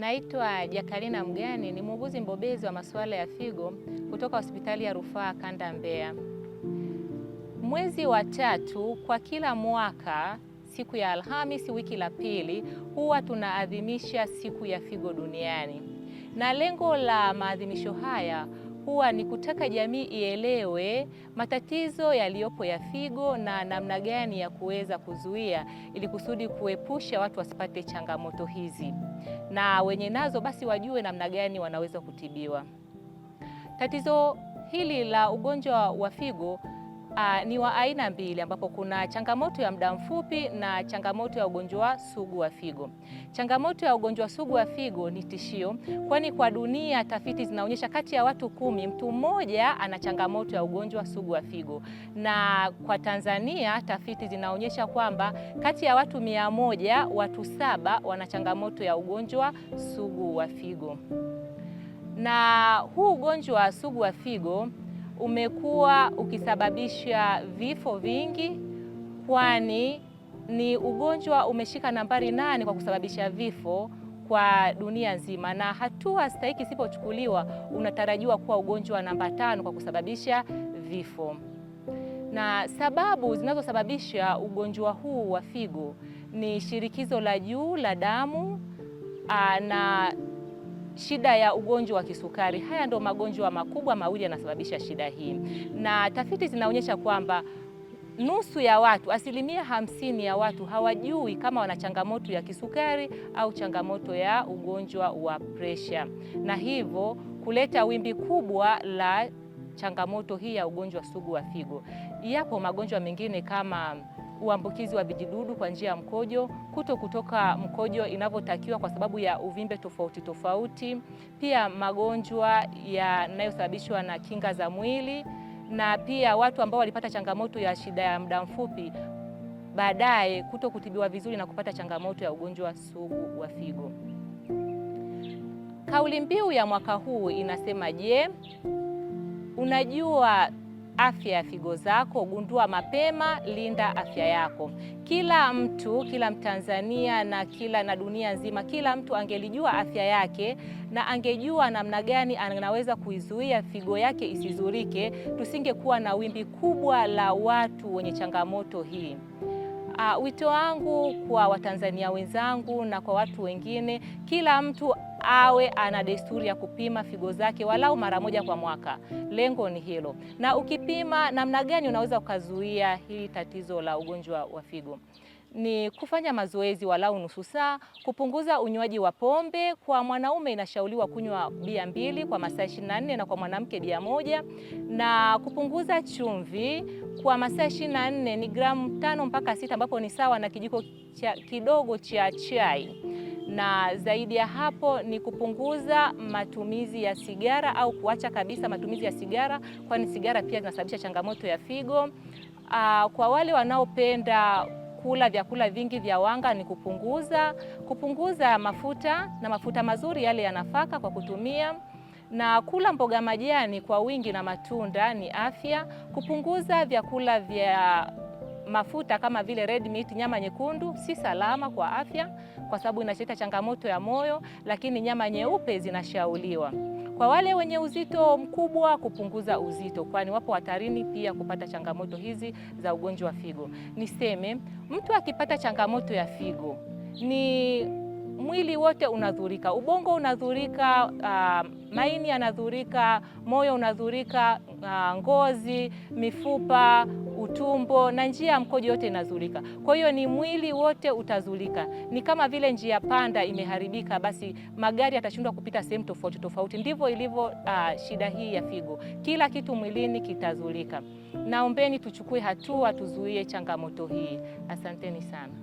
Naitwa Jakarina Mgani, ni muuguzi mbobezi wa masuala ya figo kutoka hospitali ya rufaa kanda Mbeya. Mwezi wa tatu kwa kila mwaka, siku ya Alhamisi wiki la pili, huwa tunaadhimisha siku ya figo duniani, na lengo la maadhimisho haya huwa ni kutaka jamii ielewe matatizo yaliyopo ya figo na namna gani ya kuweza kuzuia ili kusudi kuepusha watu wasipate changamoto hizi, na wenye nazo basi wajue namna gani wanaweza kutibiwa. Tatizo hili la ugonjwa wa figo Uh, ni wa aina mbili ambapo kuna changamoto ya muda mfupi na changamoto ya ugonjwa sugu wa figo. Changamoto ya ugonjwa sugu wa figo ni tishio, kwani kwa dunia tafiti zinaonyesha kati ya watu kumi mtu mmoja ana changamoto ya ugonjwa sugu wa figo, na kwa Tanzania tafiti zinaonyesha kwamba kati ya watu mia moja watu saba wana changamoto ya ugonjwa sugu wa figo, na huu ugonjwa sugu wa figo umekuwa ukisababisha vifo vingi, kwani ni ugonjwa umeshika nambari nane kwa kusababisha vifo kwa dunia nzima, na hatua stahiki isipochukuliwa, unatarajiwa kuwa ugonjwa namba tano kwa kusababisha vifo. Na sababu zinazosababisha ugonjwa huu wa figo ni shirikizo la juu la damu na shida ya ugonjwa wa kisukari. Haya ndio magonjwa makubwa mawili yanasababisha shida hii, na tafiti zinaonyesha kwamba nusu ya watu, asilimia hamsini ya watu hawajui kama wana changamoto ya kisukari au changamoto ya ugonjwa wa presha, na hivyo kuleta wimbi kubwa la changamoto hii ya ugonjwa sugu wa figo. Yapo magonjwa mengine kama uambukizi wa vijidudu kwa njia ya mkojo, kuto kutoka mkojo inavyotakiwa kwa sababu ya uvimbe tofauti tofauti, pia magonjwa yanayosababishwa na kinga za mwili, na pia watu ambao walipata changamoto ya shida ya muda mfupi baadaye kuto kutibiwa vizuri na kupata changamoto ya ugonjwa sugu wa figo. Kauli mbiu ya mwaka huu inasema je, unajua afya ya figo zako. Gundua mapema, linda afya yako. Kila mtu, kila Mtanzania na kila na dunia nzima, kila mtu angelijua afya yake na angejua namna gani anaweza kuizuia figo yake isizurike, tusingekuwa na wimbi kubwa la watu wenye changamoto hii. Uh, wito wangu kwa Watanzania wenzangu na kwa watu wengine, kila mtu awe ana desturi ya kupima figo zake walau mara moja kwa mwaka. Lengo ni hilo. Na ukipima, namna gani unaweza ukazuia hili tatizo la ugonjwa wa figo? Ni kufanya mazoezi walau nusu saa, kupunguza unywaji wa pombe. Kwa mwanaume inashauriwa kunywa bia mbili kwa masaa 24 na kwa mwanamke bia moja, na kupunguza chumvi kwa masaa 24 ni gramu tano mpaka sita, ambapo ni sawa na kijiko cha kidogo cha chai na zaidi ya hapo ni kupunguza matumizi ya sigara au kuacha kabisa matumizi ya sigara, kwani sigara pia zinasababisha changamoto ya figo. Aa, ah, kwa wale wanaopenda kula vyakula vingi vya wanga ni kupunguza kupunguza mafuta na mafuta mazuri yale ya nafaka kwa kutumia na kula mboga majani kwa wingi na matunda ni afya. Kupunguza vyakula vya mafuta kama vile red meat, nyama nyekundu si salama kwa afya, kwa sababu inaleta changamoto ya moyo, lakini nyama nyeupe zinashauriwa kwa wale wenye uzito mkubwa kupunguza uzito, kwani wapo hatarini pia kupata changamoto hizi za ugonjwa wa figo. Niseme mtu akipata changamoto ya figo ni mwili wote unadhurika, ubongo unadhurika, uh, maini yanadhurika, moyo unadhurika, uh, ngozi, mifupa tumbo na njia ya mkojo yote inazulika. Kwa hiyo ni mwili wote utazulika. Ni kama vile njia panda imeharibika, basi magari yatashindwa kupita sehemu tofauti tofauti. Ndivyo ilivyo uh, shida hii ya figo, kila kitu mwilini kitazulika. Naombeni tuchukue hatua, tuzuie changamoto hii. Asanteni sana.